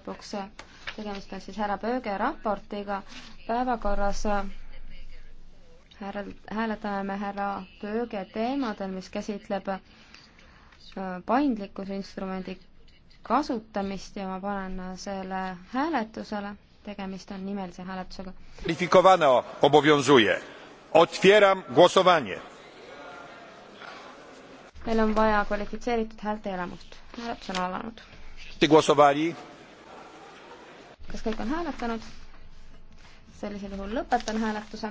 lõpuks äh, tegemist on siis härra Pööge raportiga. päevakorras äh, hääletame me härra Pööge teemadel, mis käsitleb äh, paindlikkusinstrumendi kasutamist ja ma panen selle hääletusele. tegemist on nimelise hääletusega. Kwalifikowana obowiązuje. Otwieram głosowanie. meil on vaja kvalifitseeritud häälteelamust. hääletus on alanud. Głosowali kas kõik on hääletanud? sellisel juhul lõpetan hääletuse.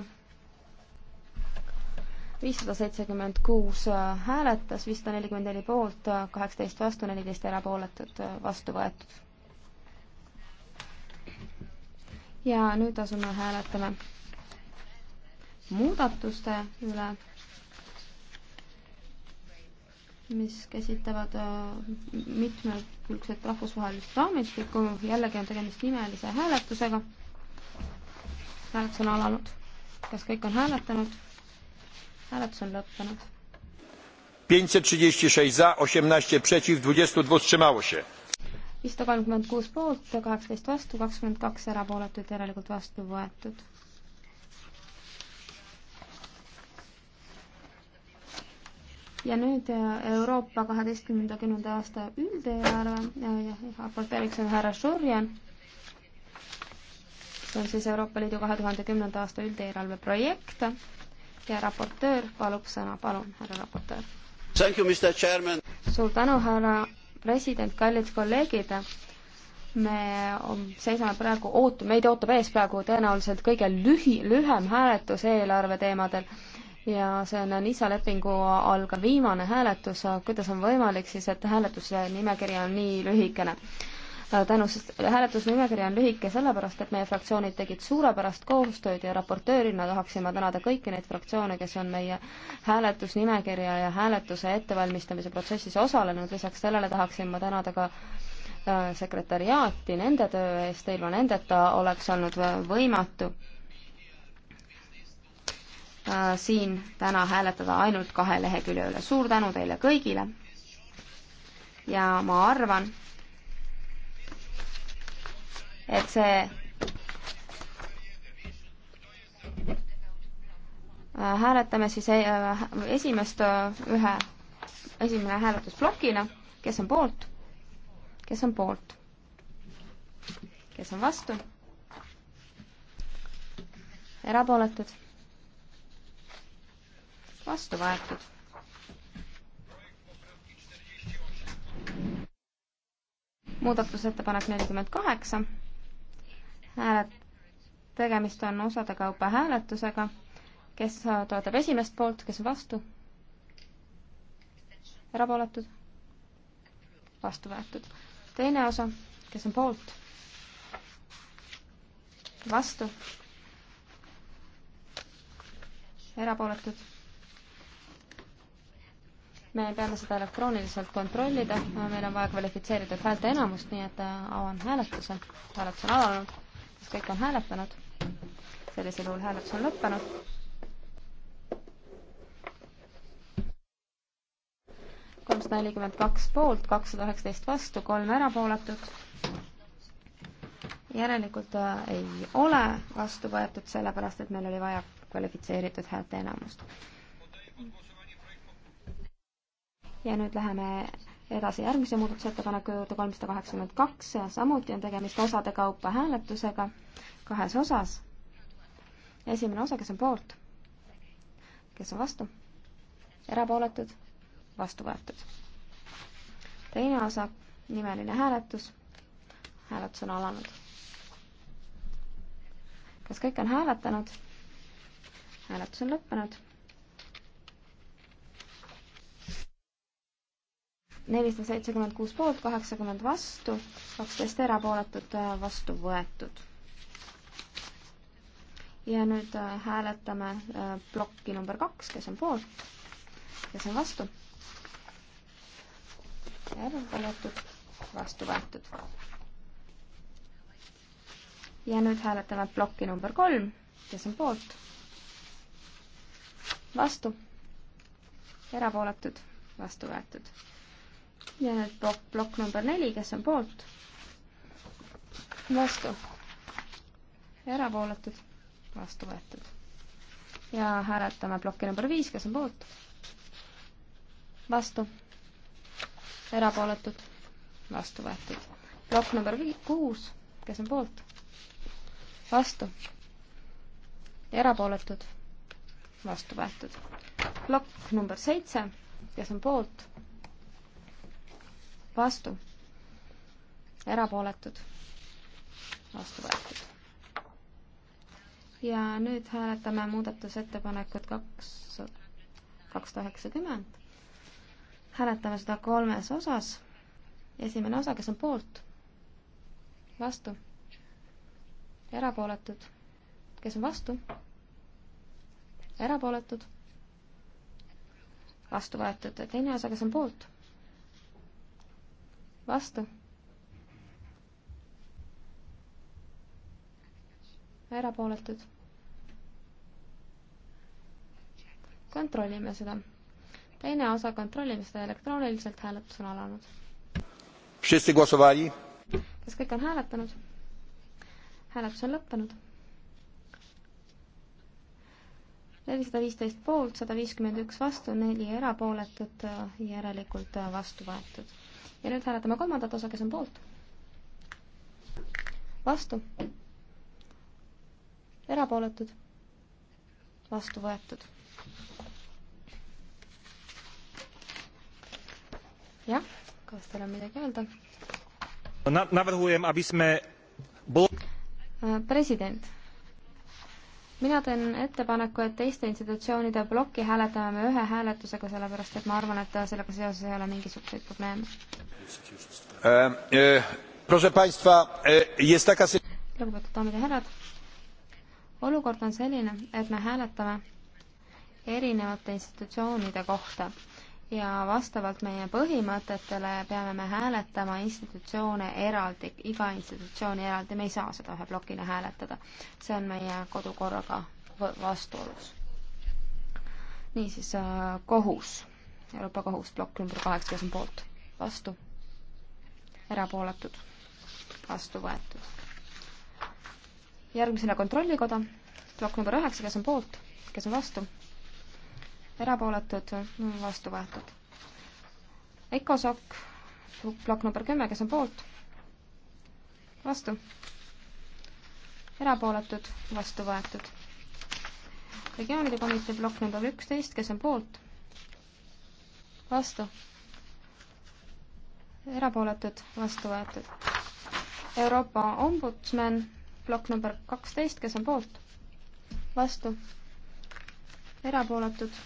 viissada seitsekümmend kuus äh, hääletas, viissada nelikümmend neli poolt, äh, kaheksateist vastu, neliteist erapooletut, äh, vastu võetud. ja nüüd asume hääletama muudatuste üle mis käsitlevad äh, mitmekülgset rahvusvahelist raamistikku, jällegi on tegemist nimelise hääletusega. hääletus on alanud. kas kõik on hääletanud? hääletus on lõppenud. 536 za, 18 przeciw, 22 wstrzymało się. 536 poolt, 18 vastu, 22 erapooletut, järelikult vastu võetud. ja nüüd äh, Euroopa kaheteistkümnenda kümnenda aasta üldeelarve ja raporteeriks on härra Šurjan. see on siis Euroopa Liidu kahe tuhande kümnenda aasta üldeelarve projekt ja raportöör palub sõna, palun, härra raportöör. suur tänu, härra president, kallid kolleegid. me seisame praegu, oot-, meid ootab ees praegu tõenäoliselt kõige lühi, lühem hääletus eelarve teemadel ja see on NISA lepingu algav viimane hääletus, kuidas on võimalik siis, et hääletuse nimekiri on nii lühikene? tänu, sest hääletusnimekiri on lühike sellepärast, et meie fraktsioonid tegid suurepärast koostööd ja raportöörina tahaksin ma tänada kõiki neid fraktsioone, kes on meie hääletusnimekirja ja hääletuse ettevalmistamise protsessis osalenud, lisaks sellele tahaksin ma tänada ka äh, sekretäriaati nende töö eest, ilma nendeta oleks olnud võimatu Äh, siin täna hääletada ainult kahe lehekülje üle. suur tänu teile kõigile ja ma arvan, et see äh, hääletame siis äh, esimest ühe, esimene hääletus plokina, kes on poolt, kes on poolt, kes on vastu, erapooletud vastu võetud. muudatusettepanek nelikümmend kaheksa, hääled, tegemist on osade kaupa hääletusega, kes toetab esimest poolt, kes on vastu, erapooletud, vastu võetud. teine osa, kes on poolt, vastu erapooletud, me peame seda elektrooniliselt kontrollida, meil on vaja kvalifitseeritud häälteenamust, nii et äh, avan hääletuse. hääletus on alanud, kas kõik on hääletanud? sellisel juhul hääletus on lõppenud. kolmsada nelikümmend kaks poolt, kakssada üheksateist vastu, kolm erapooletut. järelikult äh, ei ole vastu võetud, sellepärast et meil oli vaja kvalifitseeritud häälteenamust ja nüüd läheme edasi järgmise muudatusettepaneku juurde, kolmsada kaheksakümmend kaks, samuti on tegemist osade kaupa hääletusega kahes osas. esimene osa, kes on poolt, kes on vastu, erapooletud, vastu võetud. teine osa, nimeline hääletus, hääletus on alanud. kas kõik on hääletanud? hääletus on lõppenud nelisada seitsekümmend kuus poolt, kaheksakümmend vastu, kaksteist erapooletut äh, vastu võetud. ja nüüd äh, hääletame äh, plokki number kaks, kes on poolt, kes on vastu. erapooletud, vastu võetud. ja nüüd hääletame plokki number kolm, kes on poolt, vastu, erapooletud, vastu võetud ja nüüd plokk, plokk number neli, kes on poolt? vastu. erapooletud, vastu võetud. ja hääletame plokki number viis, kes on poolt? vastu. erapooletud, vastu võetud. plokk number viis, kuus, kes on poolt? vastu. erapooletud, vastu võetud. plokk number seitse, kes on poolt? vastu, erapooletud, vastu võetud. ja nüüd hääletame muudatusettepanekut kaks, kakssada üheksakümmend. hääletame seda kolmes osas. esimene osa, kes on poolt, vastu, erapooletud, kes on vastu, erapooletud, vastu võetud, teine osa, kes on poolt vastu. erapooletud. kontrollime seda. teine osa kontrollime seda elektrooniliselt, hääletus on alanud. kas kõik on hääletanud? hääletus on lõppenud. nelisada viisteist poolt, sada viiskümmend üks vastu, neli erapooletut, järelikult vastu võetud ja nüüd hääletame kolmandat osa, kes on poolt. vastu. erapooletud. vastu võetud. jah, kas teil on midagi öelda? Navrhujem, aby sme äh, president, mina teen ettepaneku, et teiste institutsioonide plokki hääletame me ühe hääletusega, sellepärast et ma arvan, et sellega seoses ei ole mingisuguseid probleeme Proszę Państwa, e, jest taka lugupeetud daamid ja härrad, olukord on selline, et me hääletame erinevate institutsioonide kohta ja vastavalt meie põhimõtetele peame me hääletama institutsioone eraldi, iga institutsiooni eraldi, me ei saa seda ühe plokina hääletada. see on meie kodukorraga vastuolus. niisiis äh, kohus, Euroopa Kohus, plokk number kaheksa, kes on poolt, vastu erapooletud, vastu võetud. järgmisena Kontrollikoda, plokk number üheksa, kes on poolt, kes on vastu, erapooletud, vastu võetud. Ecosok, plokk number kümme, kes on poolt, vastu, erapooletud, vastu võetud. regioonide komitee plokk number üksteist, kes on poolt, vastu erapooletud, vastu võetud. Euroopa ombudsman, plokk number kaksteist, kes on poolt? vastu, erapooletud,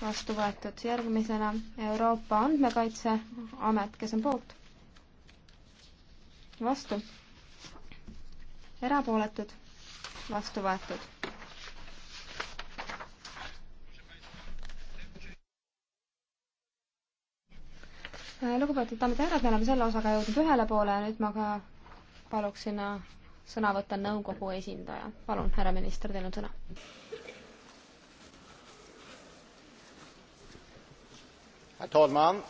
vastu võetud. järgmisena Euroopa Andmekaitseamet, kes on poolt? vastu, erapooletud, vastu võetud Äh, lugupeetud daamid ja härrad, me oleme selle osaga jõudnud ühele poole ja nüüd ma ka paluksin äh, sõna võtta nõukogu esindaja. palun, härra minister, teil on sõna. herr talman,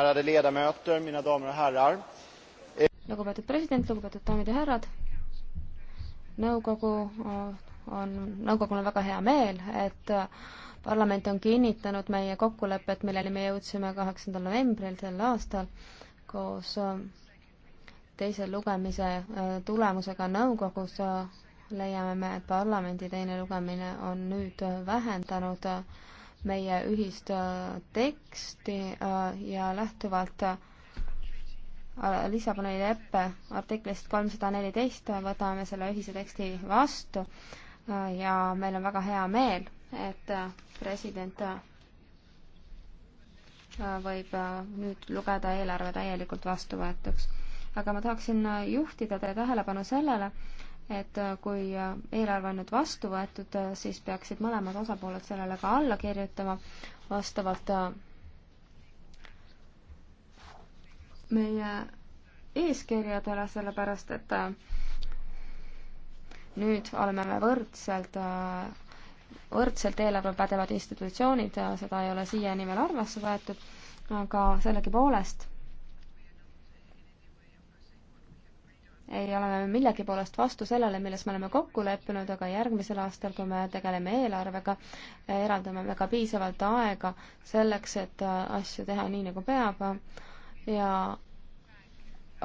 ärade ledamöter, mina damer ja härrar. lugupeetud president, lugupeetud daamid ja härrad. nõukogu äh, on, nõukogul on väga hea meel, et parlament on kinnitanud meie kokkulepet, milleni me jõudsime kaheksandal novembril sel aastal koos äh, teise lugemise äh, tulemusega nõukogus äh, leiame me, et parlamendi teine lugemine on nüüd vähendanud meie ühist teksti ja lähtuvalt Lissaboni leppe artiklist kolmsada neliteist võtame selle ühise teksti vastu ja meil on väga hea meel, et äh, president äh, võib äh, nüüd lugeda eelarve täielikult vastuvõetuks. aga ma tahaksin juhtida teie tähelepanu sellele, et kui eelarve on nüüd vastu võetud, siis peaksid mõlemad osapooled sellele ka alla kirjutama vastavalt meie eeskirjadele, sellepärast et nüüd oleme me võrdselt, äh, võrdselt eelarve pädevad institutsioonid, äh, seda ei ole siiani veel arvesse võetud, aga sellegipoolest ei ole me millegi poolest vastu sellele, milles me oleme kokku leppinud, aga järgmisel aastal, kui me tegeleme eelarvega, eraldame me ka piisavalt aega selleks, et äh, asju teha nii, nagu peab ja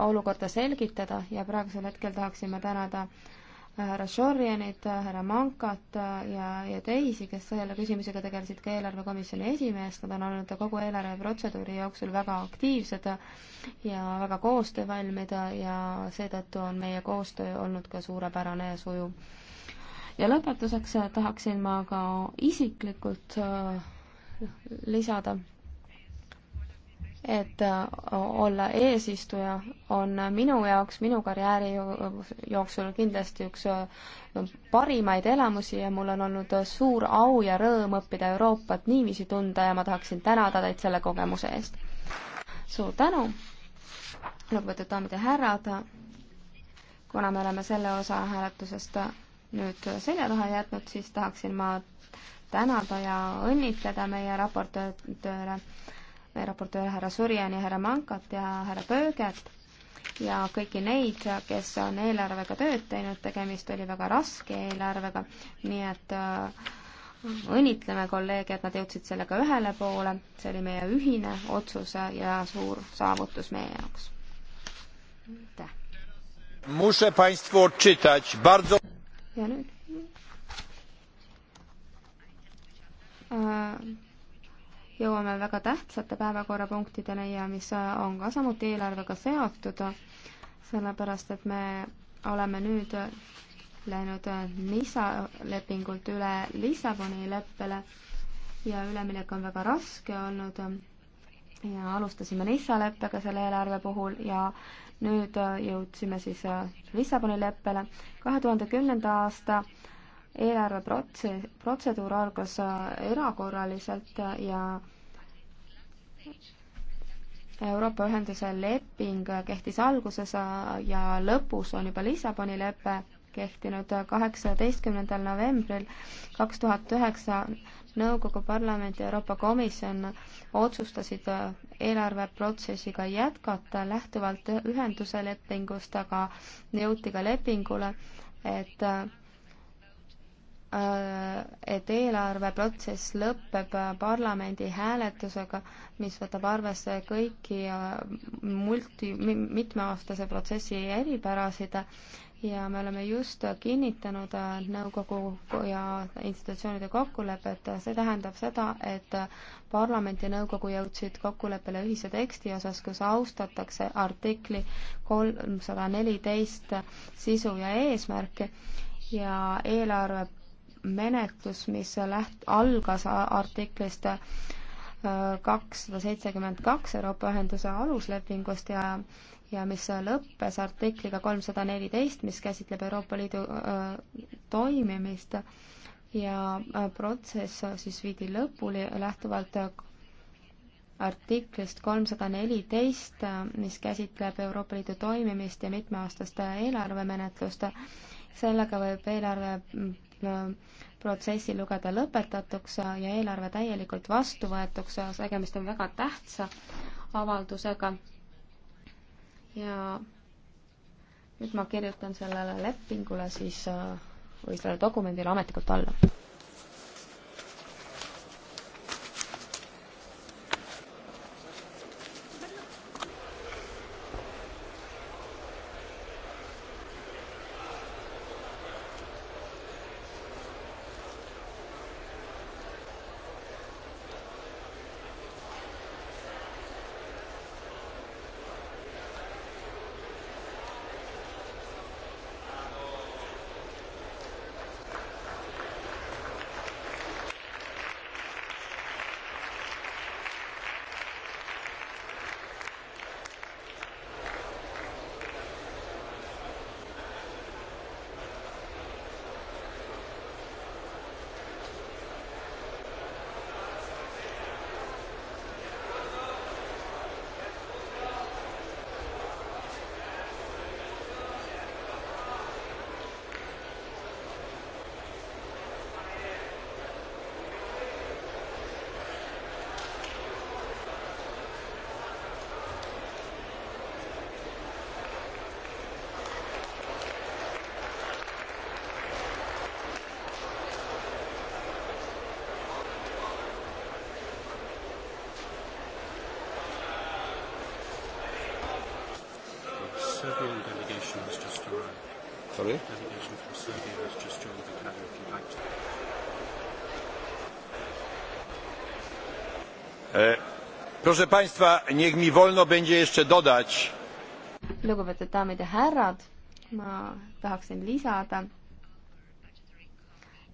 olukorda selgitada ja praegusel hetkel tahaksin ma tänada äh, härra Šorjenit, härra Mankat äh, ja, ja teisi, kes selle küsimusega tegelesid ka eelarvekomisjoni esimeest, nad on olnud kogu eelarveprotseduuri jooksul väga aktiivsed ja väga koostöövalmid ja seetõttu on meie koostöö olnud ka suurepärane ja sujuv. ja lõpetuseks tahaksin ma ka isiklikult äh, lisada et äh, olla eesistuja on minu jaoks, minu karjääri jooksul kindlasti üks äh, parimaid elamusi ja mul on olnud äh, suur au ja rõõm õppida Euroopat niiviisi tunda ja ma tahaksin tänada teid selle kogemuse eest. suur tänu, lugupeetud daamid ja härrad, kuna me oleme selle osa hääletusest nüüd selja taha jätnud, siis tahaksin ma tänada ja õnnitleda meie raportööre raportöör härra Surjani, härra Mankat ja härra Pööget ja kõiki neid, kes on eelarvega tööd teinud, tegemist oli väga raske eelarvega, nii et äh, õnnitleme kolleege, et nad jõudsid sellega ühele poole, see oli meie ühine otsus ja suur saavutus meie jaoks. aitäh. ja nüüd äh jõuame väga tähtsate päevakorrapunktideni ja mis on ka samuti eelarvega seotud, sellepärast et me oleme nüüd läinud Nisa lepingult üle Lissaboni leppele ja üleminek on väga raske olnud ja alustasime Nissa leppega selle eelarve puhul ja nüüd jõudsime siis Lissaboni leppele. kahe tuhande kümnenda aasta eelarveprotse-, protseduur algas äh, erakorraliselt ja Euroopa Ühenduse leping kehtis alguses äh, ja lõpus on juba Lissaboni lepe kehtinud äh, kaheksateistkümnendal novembril kaks tuhat üheksa Nõukogu Parlament ja Euroopa Komisjon otsustasid eelarveprotsessiga jätkata lähtuvalt ühenduse lepingust, aga jõuti ka lepingule, et Äh, et eelarveprotsess lõpeb äh, parlamendi hääletusega, mis võtab arvesse kõiki äh, multi, mitmeaastase protsessi eripärasid ja me oleme just kinnitanud nõukogu ja institutsioonide kokkulepet, see tähendab seda, et parlament ja nõukogu jõudsid kokkuleppele ühise teksti osas, kus austatakse artikli kolmsada neliteist sisu ja eesmärki ja eelarve menetlus, mis läht-, algas artiklist äh, kakssada seitsekümmend kaks Euroopa Ühenduse aluslepingust ja ja mis lõppes artikliga kolmsada neliteist, mis käsitleb Euroopa Liidu äh, toimimist ja äh, protsess siis viidi lõpuli lähtuvalt artiklist kolmsada neliteist, äh, mis käsitleb Euroopa Liidu toimimist ja mitmeaastaste äh, eelarvemenetlust. sellega võib eelarve protsessi lugeda lõpetatuks ja eelarve täielikult vastuvõetuks, tegemist on väga tähtsa avaldusega. ja nüüd ma kirjutan sellele lepingule siis äh, või sellele dokumendile ametlikult alla. proszę państwa niech mi wolno będzie jeszcze dodać lugupeetud daamid ja härrad ma tahaksin lisada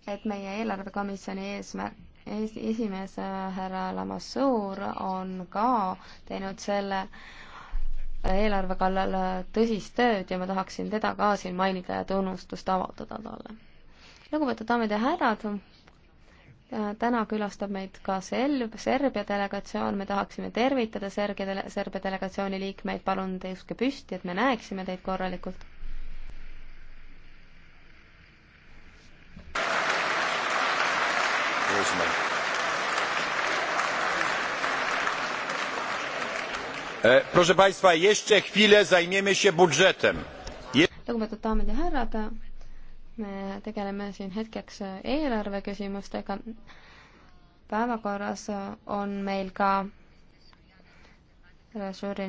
et meie eelarvekomisjoni eesmärk es, esimees äh, härra Lamassoor on ka teinud selle eelarve kallal äh, tõsist tööd ja ma tahaksin teda ka siin mainida ja tunnustust avaldada talle. lugupeetud daamid ja härrad, Äh, täna külastab meid ka Selb, Serbia delegatsioon, me tahaksime tervitada Sergia dele-, Serbia delegatsiooni liikmeid, palun tõuske püsti, et me näeksime teid korralikult. E, proszę państwa jeszcze chwilę zajmiemy się budżetem lugupeetud daamid ja härrad me tegeleme siin hetkeks eelarve küsimustega. päevakorras on meil ka